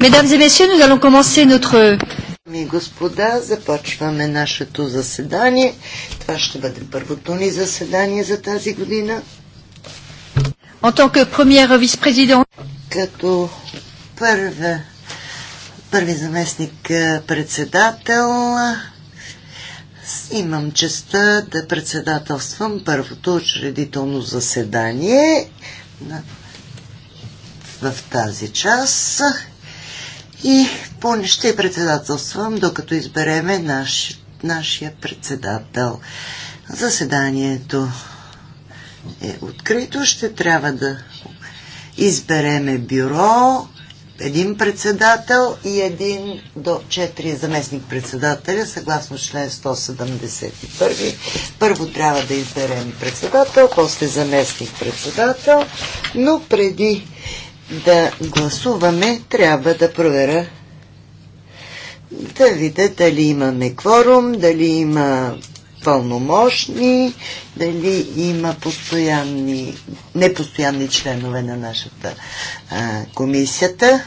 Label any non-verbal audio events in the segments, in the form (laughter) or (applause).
Mesdames et messieurs, nous allons commencer notre... Ми господа, започваме нашето заседание. Това ще бъде първото ни заседание за тази година. En tant que première vice président Като първа, първи заместник е, председател имам честа да председателствам първото учредително заседание в тази част и ще председателствам, докато избереме наш, нашия председател. Заседанието е открито. Ще трябва да избереме бюро, един председател и един до 4 заместник председателя, съгласно член 171. Първо трябва да изберем председател, после заместник председател, но преди да гласуваме, трябва да проверя да видя дали имаме кворум, дали има пълномощни, дали има постоянни, непостоянни членове на нашата а, комисията,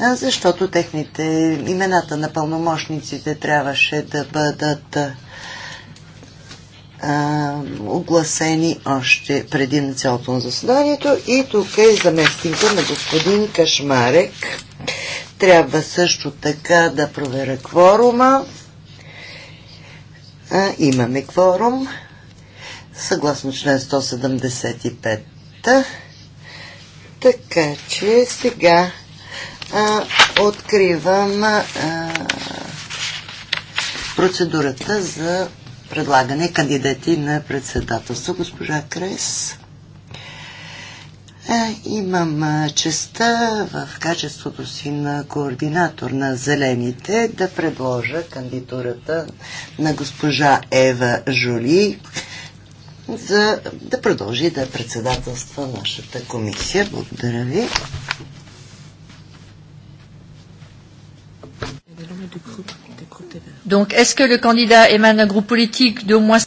а, защото техните имената на пълномощниците трябваше да бъдат а, огласени още преди началото на заседанието. И тук е заместника на господин Кашмарек. Трябва също така да проверя кворума. А, имаме кворум. Съгласно член 175. Така че сега а, откривам а, процедурата за предлагане кандидати на председателство. Госпожа Крес. Е, имам честа в качеството си на координатор на Зелените да предложа кандидатурата на госпожа Ева Жули за да продължи да председателства нашата комисия. Благодаря ви. Donc, est-ce que le candidat émane d'un groupe politique d'au moins...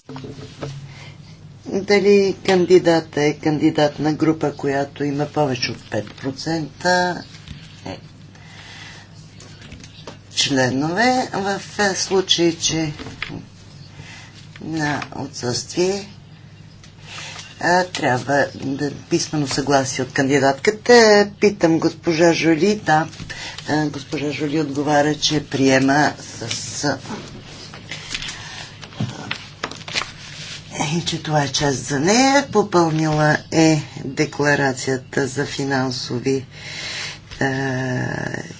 Дали кандидат е кандидат на група, която има повече от 5% е. членове в случай, че на отсъствие трябва да писмено съгласие от кандидатката. Питам госпожа Жоли. Да, госпожа Жоли отговаря, че приема с... И е, че това е част за нея. Попълнила е декларацията за финансови е,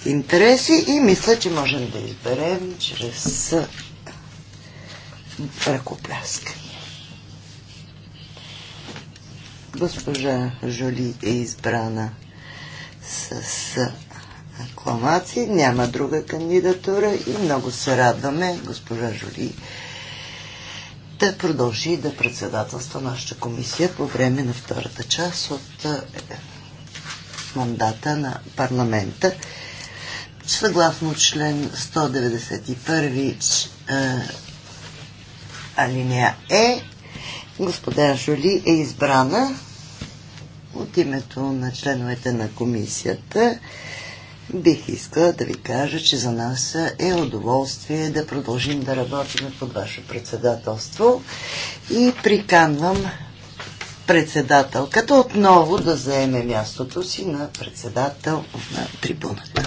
интереси и мисля, че можем да изберем чрез ръкопляскане. Госпожа Жоли е избрана с акламации, няма друга кандидатура и много се радваме госпожа Жоли да продължи да председателства нашата комисия по време на втората част от е, мандата на парламента. Съгласно член 191 е, алинея Е, Господа Жули е избрана от името на членовете на комисията. Бих искала да ви кажа, че за нас е удоволствие да продължим да работим под ваше председателство и приканвам председателката отново да заеме мястото си на председател на трибуната.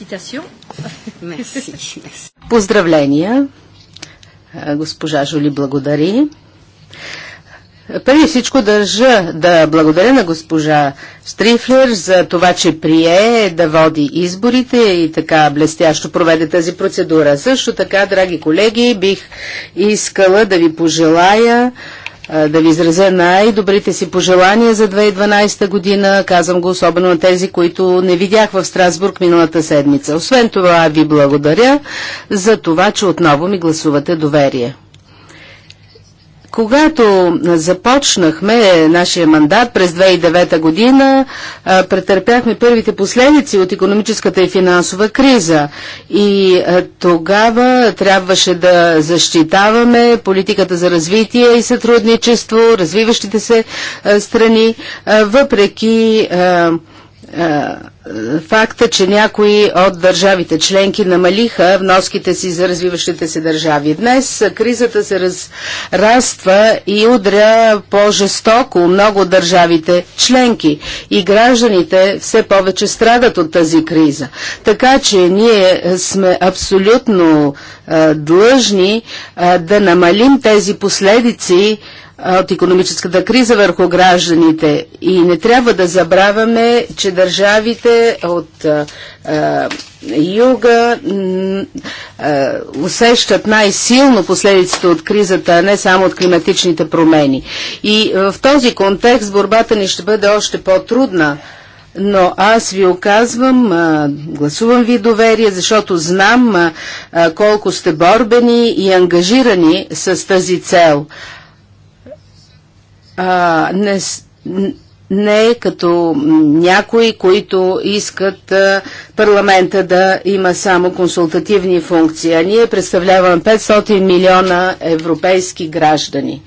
(laughs) Поздравления. Госпожа Жули благодари. Преди всичко държа да благодаря на госпожа Стрифлер за това, че прие да води изборите и така блестящо проведе тази процедура. Също така, драги колеги, бих искала да ви пожелая да ви изразя най-добрите си пожелания за 2012 година. Казвам го особено на тези, които не видях в Страсбург миналата седмица. Освен това ви благодаря за това, че отново ми гласувате доверие. Когато започнахме нашия мандат през 2009 година, претърпяхме първите последици от економическата и финансова криза. И тогава трябваше да защитаваме политиката за развитие и сътрудничество, развиващите се страни, въпреки е, факта, че някои от държавите членки намалиха вноските си за развиващите се държави. Днес кризата се разраства и удря по-жестоко много държавите членки и гражданите все повече страдат от тази криза. Така че ние сме абсолютно а, е, длъжни а, е, да намалим тези последици от економическата криза върху гражданите. И не трябва да забравяме, че държавите от а, а, юга а, усещат най-силно последиците от кризата, а не само от климатичните промени. И в този контекст борбата ни ще бъде още по-трудна. Но аз ви оказвам, а, гласувам ви доверие, защото знам а, колко сте борбени и ангажирани с тази цел а, не, не е като някои, които искат а, парламента да има само консултативни функции. А ние представляваме 500 милиона европейски граждани.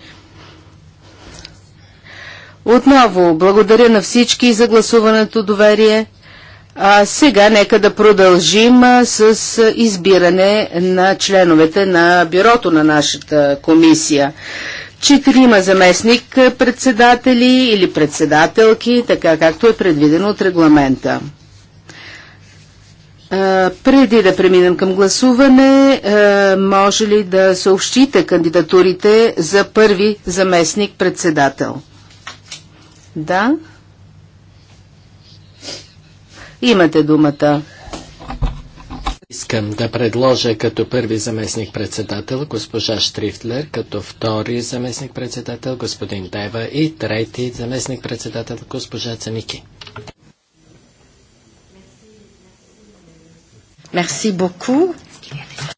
Отново благодаря на всички за гласуването доверие. А сега нека да продължим с избиране на членовете на бюрото на нашата комисия четирима заместник е, председатели или председателки, така както е предвидено от регламента. Е, преди да преминем към гласуване, е, може ли да съобщите кандидатурите за първи заместник председател? Да? Имате думата. Искам да предложа като първи заместник-председател госпожа Штрифтлер, като втори заместник-председател господин Дева и трети заместник-председател госпожа Цаники. Мерси боку.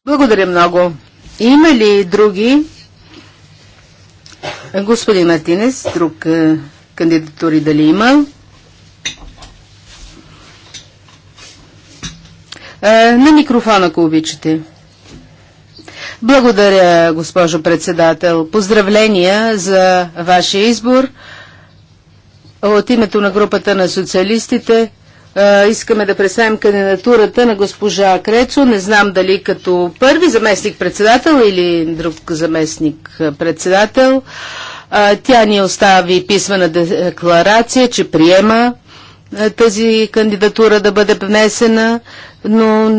Благодаря много. Има ли други? Господин Мартинес, друг е, кандидатури дали има? Е, на микрофон, ако обичате. Благодаря, госпожо председател. Поздравления за вашия избор. От името на групата на социалистите е, искаме да представим кандидатурата на госпожа Крецо. Не знам дали като първи заместник-председател или друг заместник-председател. Е, тя ни остави писмена декларация, че приема е, тази кандидатура да бъде внесена, но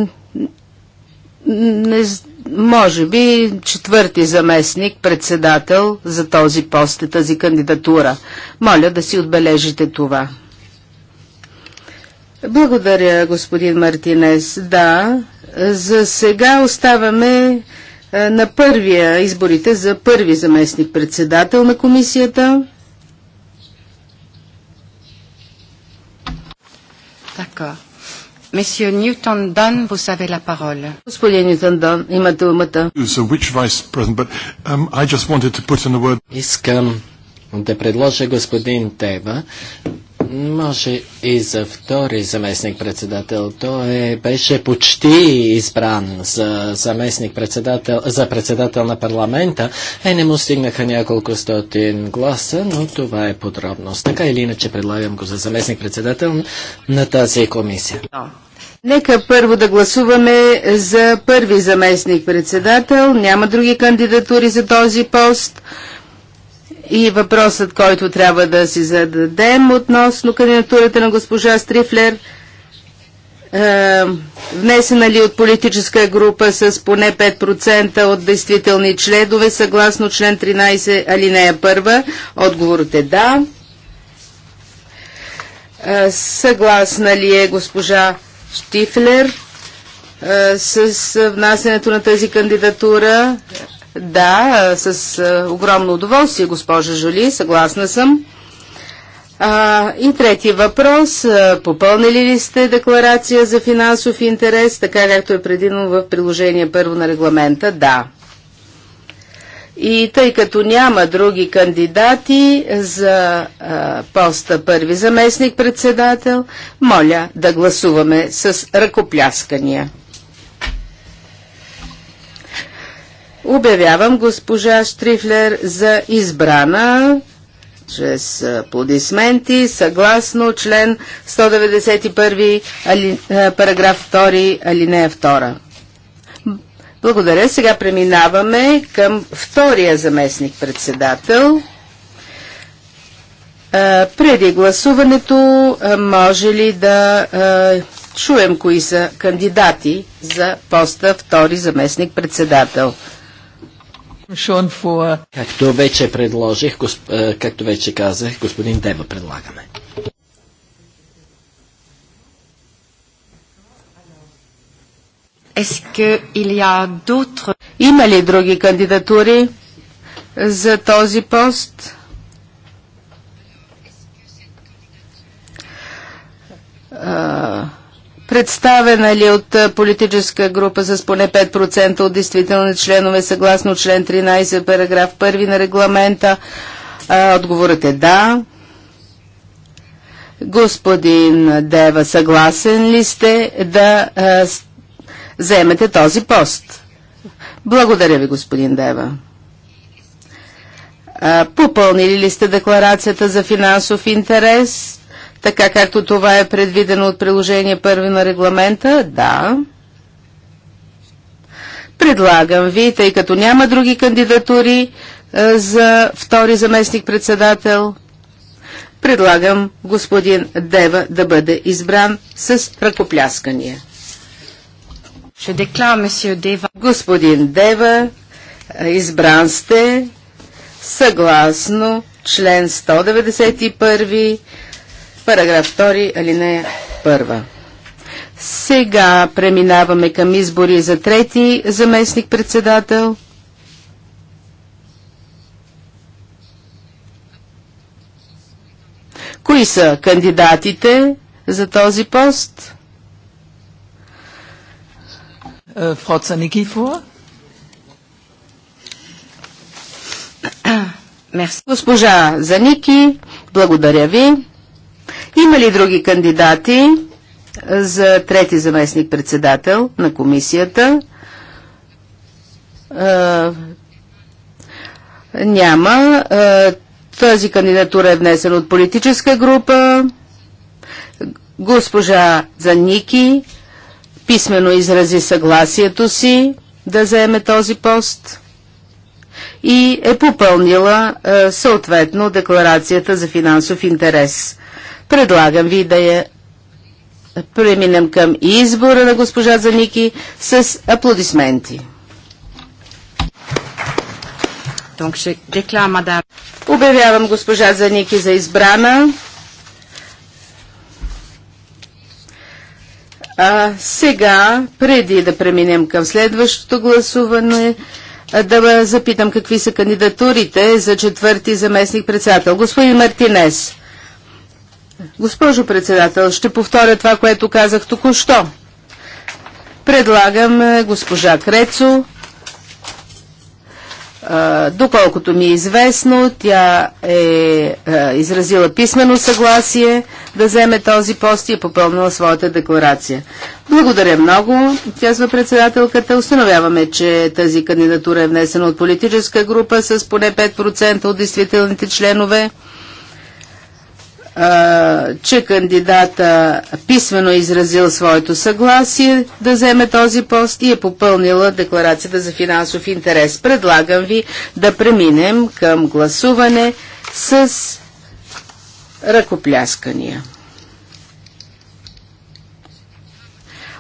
не, може би четвърти заместник, председател за този пост и е тази кандидатура. Моля да си отбележите това. Благодаря, господин Мартинес. Да, за сега оставаме е, на първия изборите за първи заместник председател на комисията. D'accord. Monsieur Newton Dunn, vous avez la parole. Господин Ньютон Дон, има думата. Искам да предложа господин Тева може и за втори заместник-председател. Той е, беше почти избран за заместник-председател, за председател на парламента. Е, не му стигнаха няколко стотин гласа, но това е подробност. Така или иначе предлагам го за заместник-председател на тази комисия. Нека първо да гласуваме за първи заместник-председател. Няма други кандидатури за този пост. И въпросът, който трябва да си зададем относно кандидатурата на госпожа Стрифлер, е, внесена ли от политическа група с поне 5% от действителни членове, съгласно член 13 алинея 1? Отговорът е да. Е, съгласна ли е госпожа Штифлер е, с внасянето на тази кандидатура? Да, с огромно удоволствие, госпожа Жули, съгласна съм. А, и третия въпрос. Попълнили ли сте декларация за финансов интерес, така както е предино в приложение първо на регламента? Да. И тъй като няма други кандидати за а, поста първи заместник председател, моля да гласуваме с ръкопляскания. Обявявам госпожа Штрифлер за избрана чрез аплодисменти, съгласно член 191, али, е, параграф 2, алинея 2. Благодаря. Сега преминаваме към втория заместник-председател. Е, преди гласуването е, може ли да чуем кои са кандидати за поста втори заместник-председател? Както вече предложих, госп... Е, както вече казах, господин Дева предлагаме. Има ли други кандидатури за този пост? Uh представена ли от политическа група с поне 5% от действителни членове съгласно член 13, параграф 1 на регламента? А, отговорът е да. Господин Дева, съгласен ли сте да вземете този пост? Благодаря ви, господин Дева. А, попълнили ли сте декларацията за финансов интерес? така както това е предвидено от приложение първи на регламента? Да. Предлагам ви, тъй като няма други кандидатури е, за втори заместник-председател, предлагам господин Дева да бъде избран с ръкопляскания. Господин Дева, е, избран сте съгласно член 191 Параграф 2, алинея 1. Сега преминаваме към избори за трети заместник-председател. Кои са кандидатите за този пост? Е, Фроца Цаникифова. Госпожа Заники, благодаря ви. Има ли други кандидати за трети заместник председател на комисията? А, няма. А, тази кандидатура е внесена от политическа група. Госпожа Заники писменно изрази съгласието си да заеме този пост и е попълнила съответно декларацията за финансов интерес. Предлагам ви да я преминем към избора на госпожа Заники с аплодисменти. Обявявам госпожа Заники за избрана. А, сега, преди да преминем към следващото гласуване, да запитам какви са кандидатурите за четвърти заместник председател. Господин Мартинес. Госпожо председател, ще повторя това, което казах току-що. Предлагам е, госпожа Крецо. Е, доколкото ми е известно, тя е, е изразила писмено съгласие да вземе този пост и е попълнила своята декларация. Благодаря много, казва председателката. Установяваме, че тази кандидатура е внесена от политическа група с поне 5% от действителните членове че кандидата писмено изразил своето съгласие да вземе този пост и е попълнила декларацията за финансов интерес. Предлагам ви да преминем към гласуване с ръкопляскания.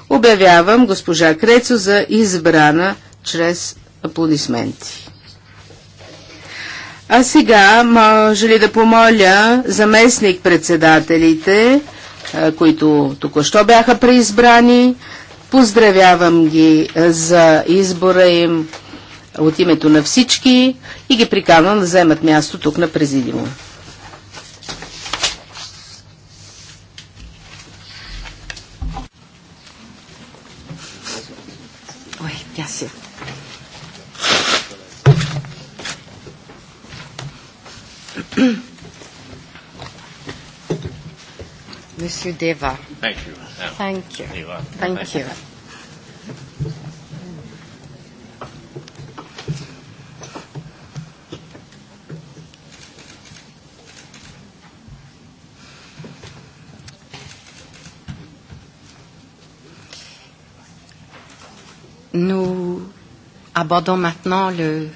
Обявявам госпожа Крецо за избрана чрез аплодисменти. А сега може ли да помоля заместник-председателите, които току-що бяха преизбрани, поздравявам ги за избора им от името на всички и ги приканвам да вземат място тук на президиума. Yes, sir. Monsieur Deva. Thank you. Yeah. Thank you. Deva. Thank, Thank you. Nous abordons maintenant le...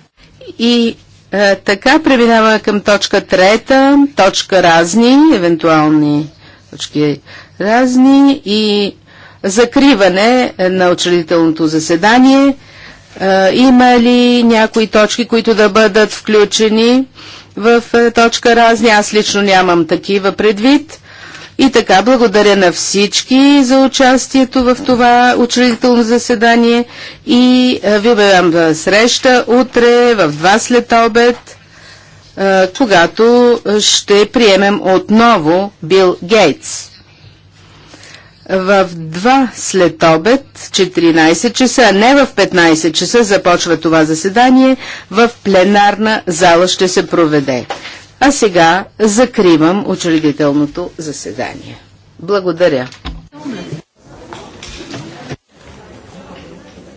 et е, така преминаваме към точка трета, точка разни, евентуални точки разни и закриване на учредителното заседание. Е, има ли някои точки, които да бъдат включени в е, точка разни? Аз лично нямам такива предвид. И така, благодаря на всички за участието в това учредително заседание и ви обявявам среща утре в 2 след обед, когато ще приемем отново Бил Гейтс. В 2 след обед, 14 часа, не в 15 часа започва това заседание, в пленарна зала ще се проведе. А сега закривам учредителното заседание. Благодаря.